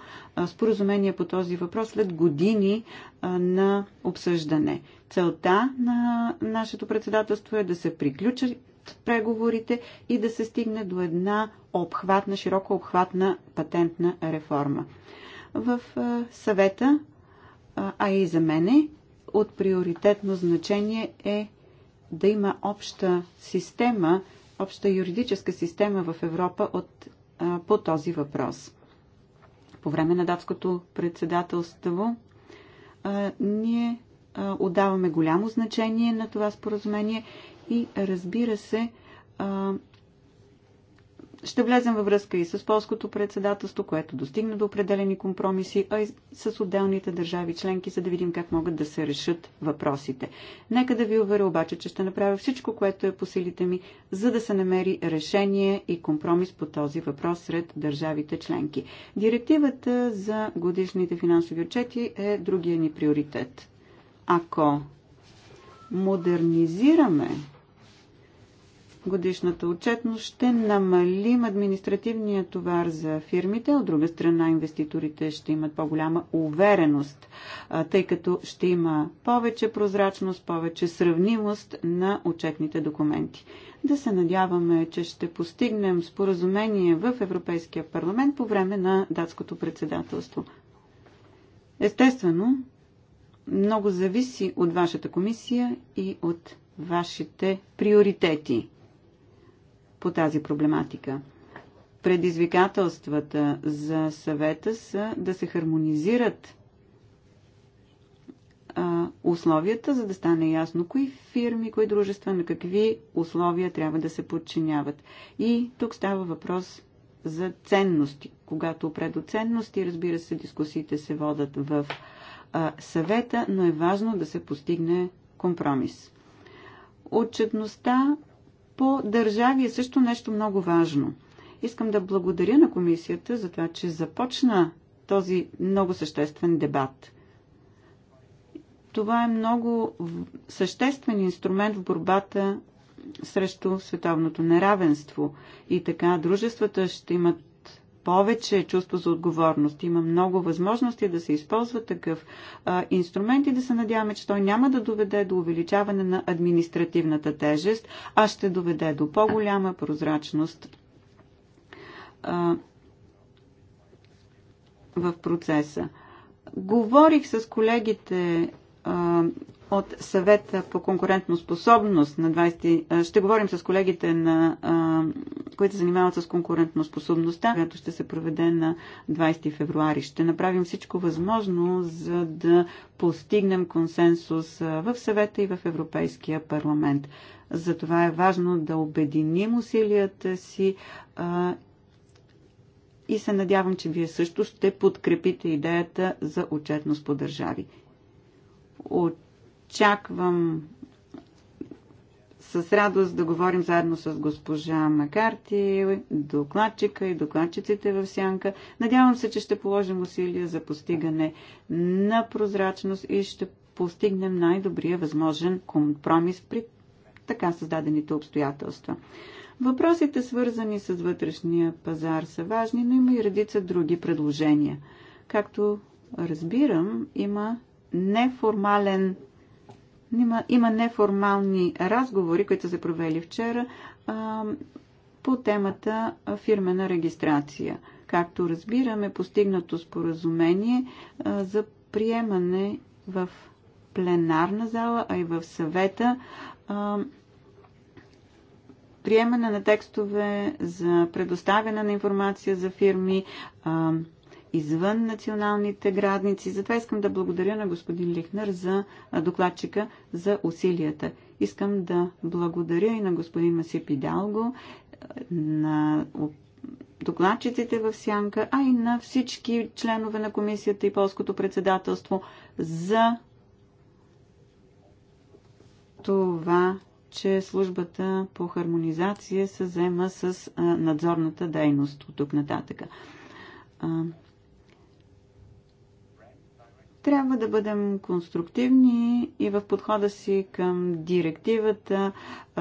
Speaker 3: споразумение по този въпрос след години на обсъждане. Целта на нашето председателство е да се приключат преговорите и да се стигне до една обхватна, широко обхватна патентна реформа. В съвета, а и за мене, от приоритетно значение е да има обща система, обща юридическа система в Европа от, а, по този въпрос. По време на датското председателство а, ние а, отдаваме голямо значение на това споразумение и разбира се, а, ще влезем във връзка и с полското председателство, което достигна до определени компромиси, а и с отделните държави членки, за да видим как могат да се решат въпросите. Нека да ви уверя обаче, че ще направя всичко, което е по силите ми, за да се намери решение и компромис по този въпрос сред държавите членки. Директивата за годишните финансови отчети е другия ни приоритет. Ако модернизираме годишната отчетност ще намалим административния товар за фирмите, от друга страна инвеститорите ще имат по-голяма увереност, тъй като ще има повече прозрачност, повече сравнимост на отчетните документи. Да се надяваме, че ще постигнем споразумение в Европейския парламент по време на датското председателство. Естествено, много зависи от вашата комисия и от вашите приоритети по тази проблематика. Предизвикателствата за съвета са да се хармонизират условията, за да стане ясно кои фирми, кои дружества, на какви условия трябва да се подчиняват. И тук става въпрос за ценности. Когато предоценности, ценности, разбира се, дискусиите се водат в а, съвета, но е важно да се постигне компромис. Отчетността по държави е също нещо много важно. Искам да благодаря на комисията за това, че започна този много съществен дебат. Това е много съществен инструмент в борбата срещу световното неравенство. И така дружествата ще имат повече чувство за отговорност. Има много възможности да се използва такъв а, инструмент и да се надяваме, че той няма да доведе до увеличаване на административната тежест, а ще доведе до по-голяма прозрачност а, в процеса. Говорих с колегите от съвета по конкурентноспособност на 20... Ще говорим с колегите, на, които се занимават с конкурентноспособността, която ще се проведе на 20 февруари. Ще направим всичко възможно, за да постигнем консенсус в съвета и в Европейския парламент. Затова е важно да обединим усилията си и се надявам, че вие също ще подкрепите идеята за отчетност по държави. От очаквам с радост да говорим заедно с госпожа Макарти, докладчика и докладчиците в Сянка. Надявам се, че ще положим усилия за постигане на прозрачност и ще постигнем най-добрия възможен компромис при така създадените обстоятелства. Въпросите, свързани с вътрешния пазар, са важни, но има и редица други предложения. Както разбирам, има неформален има, има неформални разговори, които се провели вчера а, по темата фирмена регистрация. Както разбираме, постигнато споразумение а, за приемане в пленарна зала, а и в съвета а, приемане на текстове за предоставяне на информация за фирми, а, извън националните градници. Затова искам да благодаря на господин Лихнер за докладчика за усилията. Искам да благодаря и на господин Масип Идалго, на докладчиците в Сянка, а и на всички членове на комисията и полското председателство за това, че службата по хармонизация се взема с надзорната дейност от тук нататъка. Трябва да бъдем конструктивни и в подхода си към директивата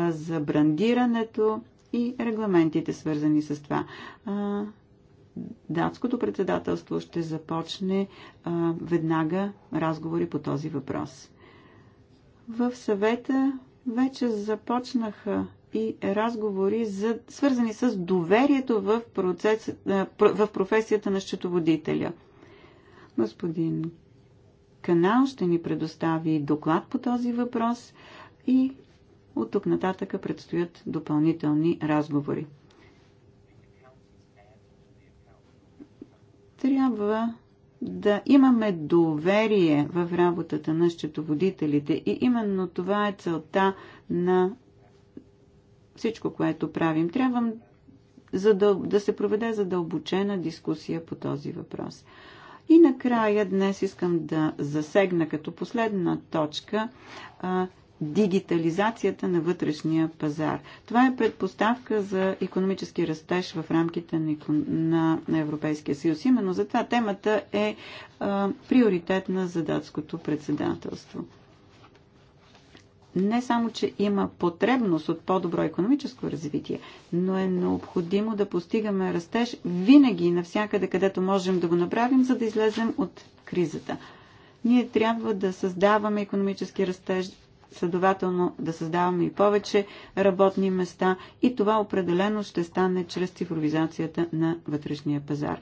Speaker 3: за брандирането и регламентите, свързани с това. Датското председателство ще започне веднага разговори по този въпрос. В съвета вече започнаха и разговори, за, свързани с доверието в, процес, в професията на счетоводителя. Господин канал ще ни предостави доклад по този въпрос и от тук нататък предстоят допълнителни разговори. Трябва да имаме доверие в работата на счетоводителите и именно това е целта на всичко, което правим. Трябва да, да се проведе задълбочена дискусия по този въпрос. И накрая днес искам да засегна като последна точка а, дигитализацията на вътрешния пазар. Това е предпоставка за економически растеж в рамките на Европейския съюз. Именно затова темата е а, приоритетна за датското председателство не само, че има потребност от по-добро економическо развитие, но е необходимо да постигаме растеж винаги и навсякъде, където можем да го направим, за да излезем от кризата. Ние трябва да създаваме економически растеж, следователно да създаваме и повече работни места и това определено ще стане чрез цифровизацията на вътрешния пазар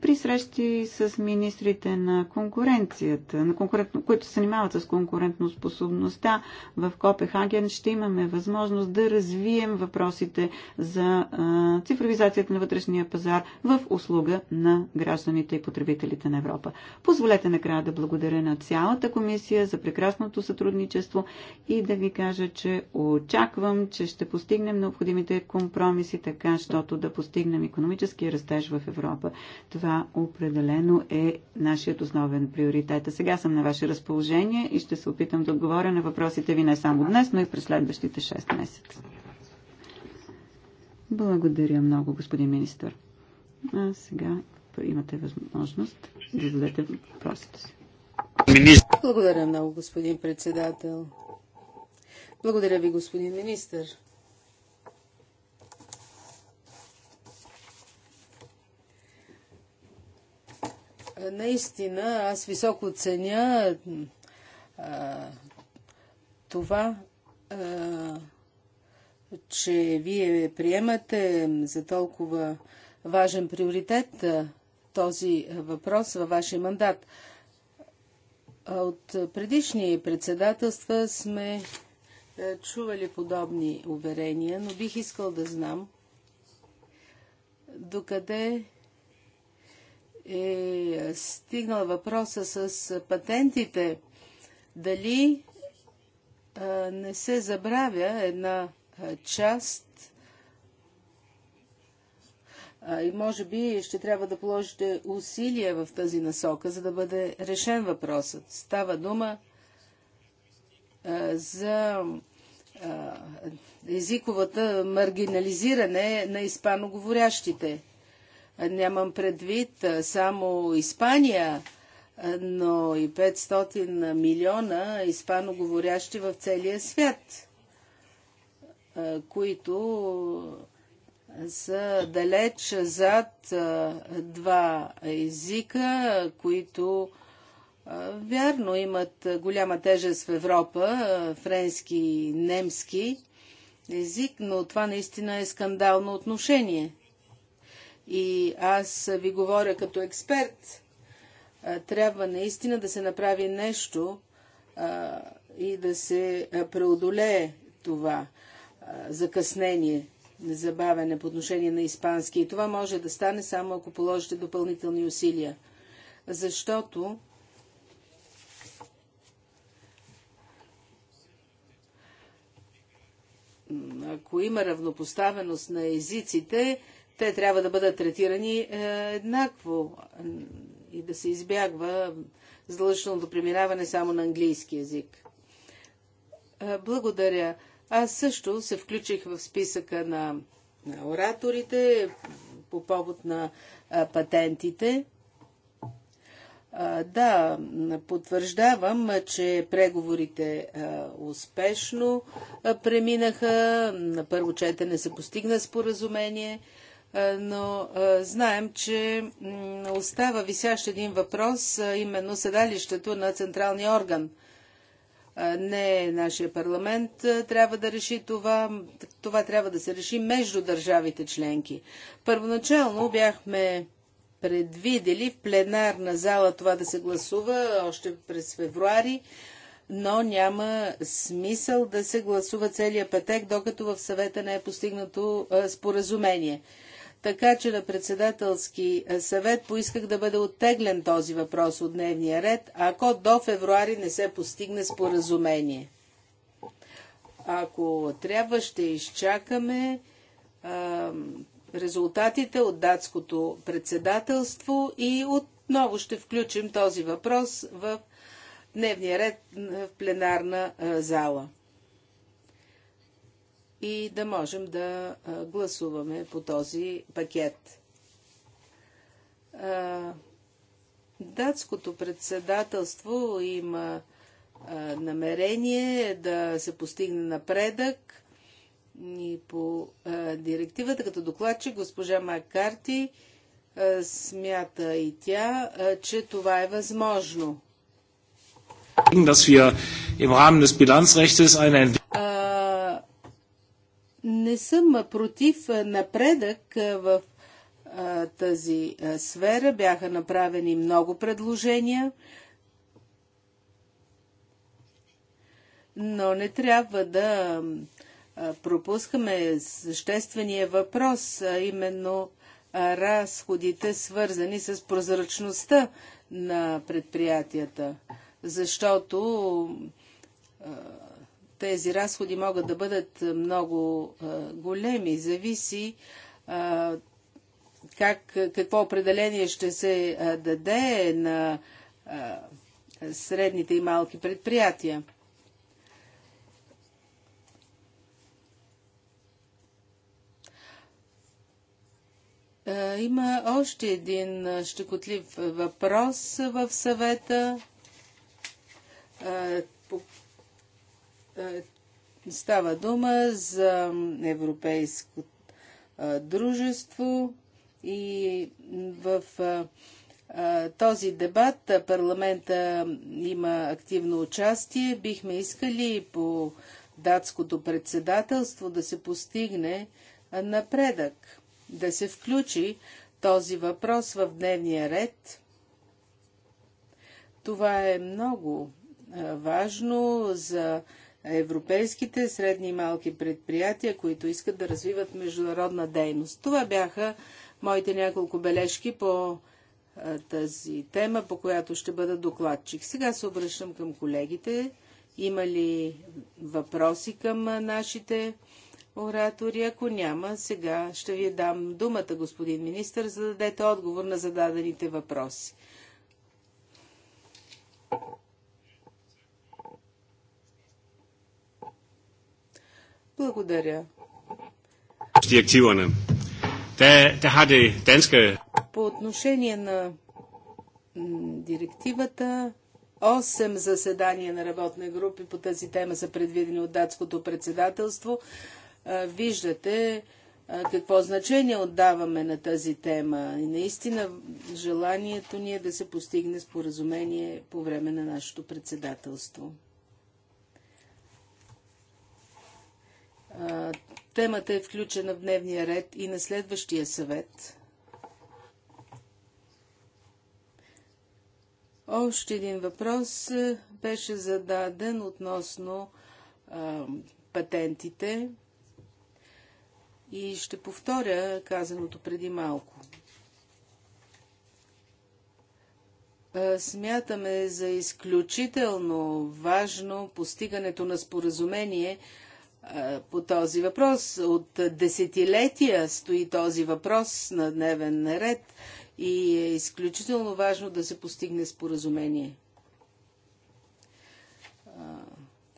Speaker 3: при срещи с министрите на конкуренцията, на конкурентно, които се занимават с конкурентноспособността в Копехаген ще имаме възможност да развием въпросите за а, цифровизацията на вътрешния пазар в услуга на гражданите и потребителите на Европа. Позволете накрая да благодаря на цялата комисия за прекрасното сътрудничество и да ви кажа, че очаквам, че ще постигнем необходимите компромиси, така, щото да постигнем економически растеж в Европа. Това определено е нашият основен приоритет. А сега съм на ваше разположение и ще се опитам да отговоря на въпросите ви не само днес, но и през следващите 6 месеца. Благодаря много, господин министър. А сега имате възможност да зададете въпросите си.
Speaker 2: Благодаря много, господин председател. Благодаря ви, господин министър. Е, наистина, аз високо ценя а, това, а, че вие приемате за толкова важен приоритет а, този въпрос във вашия мандат. От предишни председателства сме е, чували подобни уверения, но бих искал да знам докъде е стигнал въпроса с патентите, дали не се забравя една част и може би ще трябва да положите усилия в тази насока, за да бъде решен въпросът. Става дума за езиковата маргинализиране на испаноговорящите. Нямам предвид само Испания, но и 500 милиона испаноговорящи в целия свят, които са далеч зад два езика, които вярно имат голяма тежест в Европа, френски и немски език, но това наистина е скандално отношение и аз ви говоря като експерт, трябва наистина да се направи нещо и да се преодолее това закъснение, забавене по отношение на испански. И това може да стане само ако положите допълнителни усилия. Защото ако има равнопоставеност на езиците, те трябва да бъдат третирани е, еднакво и да се избягва задължителното преминаване само на английски язик. Е, благодаря. Аз също се включих в списъка на, ораторите по повод на е, патентите. да, потвърждавам, че преговорите успешно преминаха. На първо четене се постигна споразумение. Е, но е, знаем, че остава висящ един въпрос, е, именно седалището на централния орган. Не нашия парламент трябва да реши това, това трябва да се реши между държавите членки. Първоначално бяхме предвидели в пленарна зала това да се гласува още през февруари, но няма смисъл да се гласува целият петек, докато в съвета не е постигнато споразумение. Така че на председателски е, съвет поисках да бъде оттеглен този въпрос от дневния ред, ако до февруари не се постигне споразумение. Ако трябва, ще изчакаме а, резултатите от датското председателство и отново ще включим този въпрос в дневния ред в пленарна зала и да можем да гласуваме по този пакет. Датското председателство има намерение да се постигне напредък и по директивата като докладчик госпожа Маккарти смята и тя, че това е възможно.
Speaker 1: Dass wir im Rahmen des eine
Speaker 2: не съм против напредък в тази сфера. Бяха направени много предложения, но не трябва да пропускаме съществения въпрос, а именно разходите, свързани с прозрачността на предприятията, защото тези разходи могат да бъдат много големи. Зависи как, какво определение ще се даде на средните и малки предприятия. Има още един щекотлив въпрос в съвета. Е, става дума за европейско е, дружество и в е, този дебат парламента има активно участие. Бихме искали по датското председателство да се постигне напредък, да се включи този въпрос в дневния ред. Това е много важно за европейските средни и малки предприятия, които искат да развиват международна дейност. Това бяха моите няколко бележки по тази тема, по която ще бъда докладчик. Сега се обръщам към колегите. Има ли въпроси към нашите оратори? Ако няма, сега ще ви дам думата, господин министр, за да дадете отговор на зададените въпроси. Благодаря.
Speaker 1: Директивана. Те, те хаде det
Speaker 2: По отношение на директивата, 8 заседания на работни групи по тази тема са предвидени от датското председателство. Виждате какво значение отдаваме на тази тема. И наистина желанието ни е да се постигне споразумение по време на нашето председателство. Темата е включена в дневния ред и на следващия съвет. Още един въпрос беше зададен относно а, патентите и ще повторя казаното преди малко. Смятаме за изключително важно постигането на споразумение по този въпрос. От десетилетия стои този въпрос на дневен ред и е изключително важно да се постигне споразумение.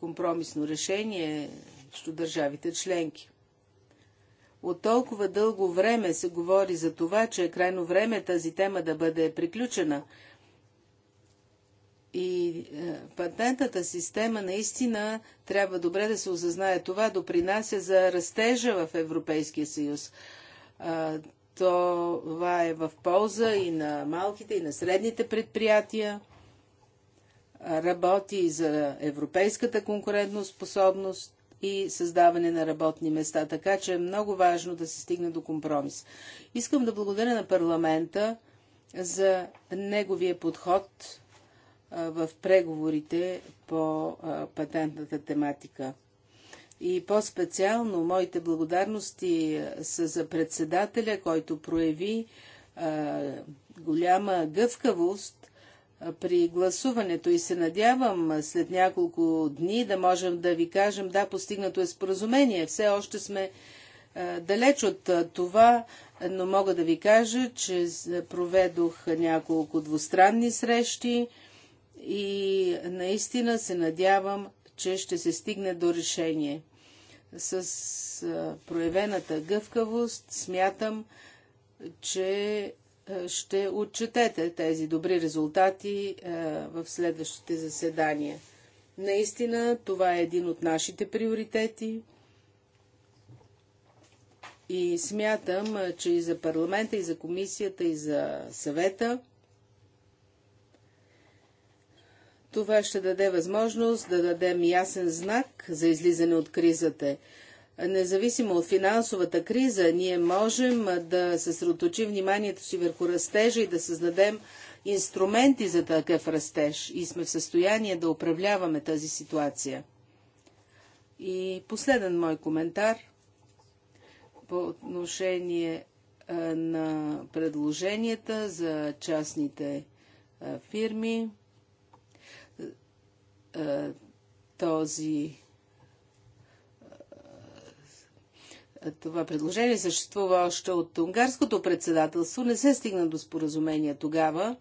Speaker 2: Компромисно решение между държавите членки. От толкова дълго време се говори за това, че е крайно време тази тема да бъде приключена – и е, патентната система наистина трябва добре да се осъзнае. Това допринася за растежа в Европейския съюз. Това е в полза и на малките, и на средните предприятия. Работи за европейската конкурентоспособност и създаване на работни места. Така че е много важно да се стигне до компромис. Искам да благодаря на парламента за неговия подход в преговорите по патентната тематика. И по-специално моите благодарности са за председателя, който прояви а, голяма гъвкавост при гласуването и се надявам след няколко дни да можем да ви кажем да, постигнато е споразумение. Все още сме а, далеч от а, това, но мога да ви кажа, че проведох няколко двустранни срещи и наистина се надявам, че ще се стигне до решение. С проявената гъвкавост смятам, че ще отчетете тези добри резултати в следващите заседания. Наистина, това е един от нашите приоритети и смятам, че и за парламента, и за комисията, и за съвета – Това ще даде възможност да дадем ясен знак за излизане от кризата. Независимо от финансовата криза, ние можем да съсредоточим вниманието си върху растежа и да създадем инструменти за такъв растеж и сме в състояние да управляваме тази ситуация. И последен мой коментар по отношение на предложенията за частните фирми. Е, този е, това предложение съществува още от унгарското председателство. Не се стигна до споразумение тогава,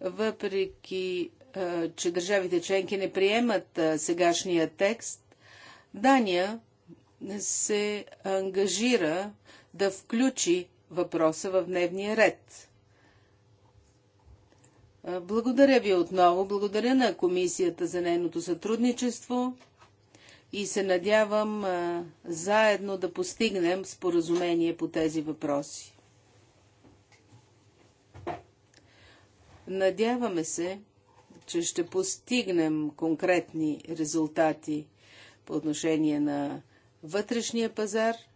Speaker 2: въпреки е, че държавите членки не приемат сегашния текст. Дания се ангажира да включи въпроса в дневния ред. Благодаря ви отново. Благодаря на комисията за нейното сътрудничество и се надявам заедно да постигнем споразумение по тези въпроси. Надяваме се, че ще постигнем конкретни резултати по отношение на вътрешния пазар –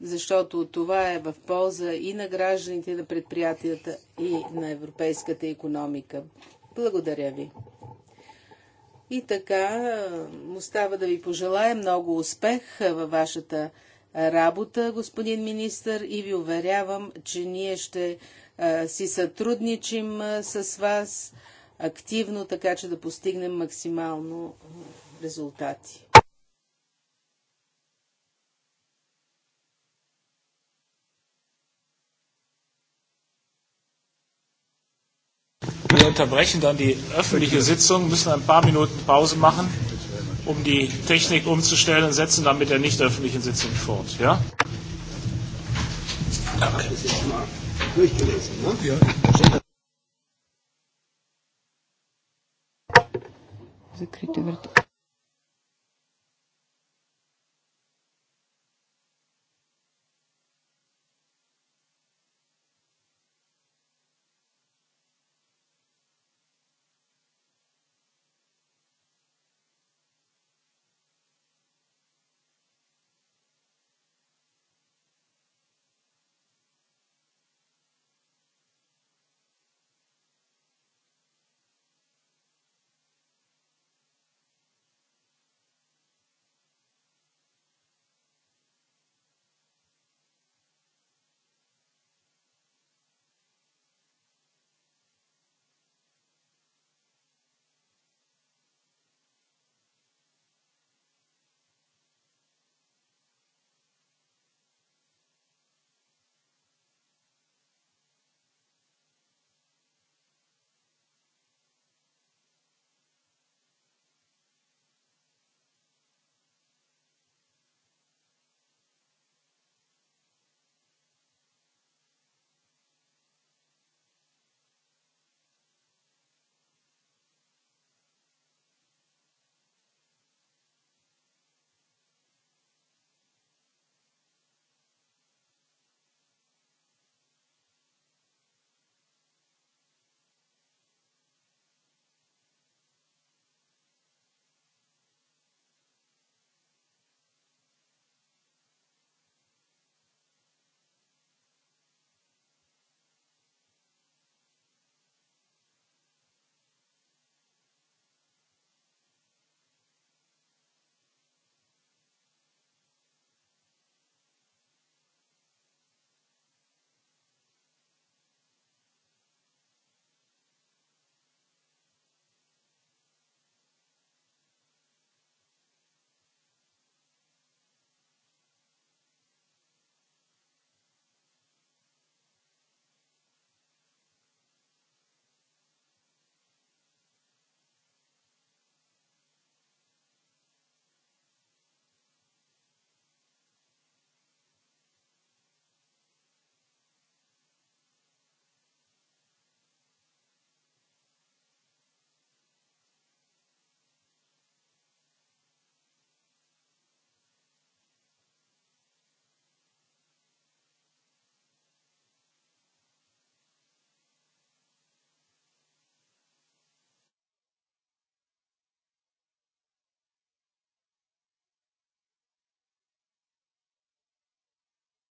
Speaker 2: защото това е в полза и на гражданите, на предприятията, и на европейската економика. Благодаря ви. И така, остава да ви пожелая много успех във вашата работа, господин министр, и ви уверявам, че ние ще си сътрудничим с вас активно, така че да постигнем максимално резултати.
Speaker 1: Wir unterbrechen dann die öffentliche Sitzung, müssen ein paar Minuten Pause machen, um die Technik umzustellen und setzen dann mit der nicht öffentlichen Sitzung fort. Ja?
Speaker 4: Okay.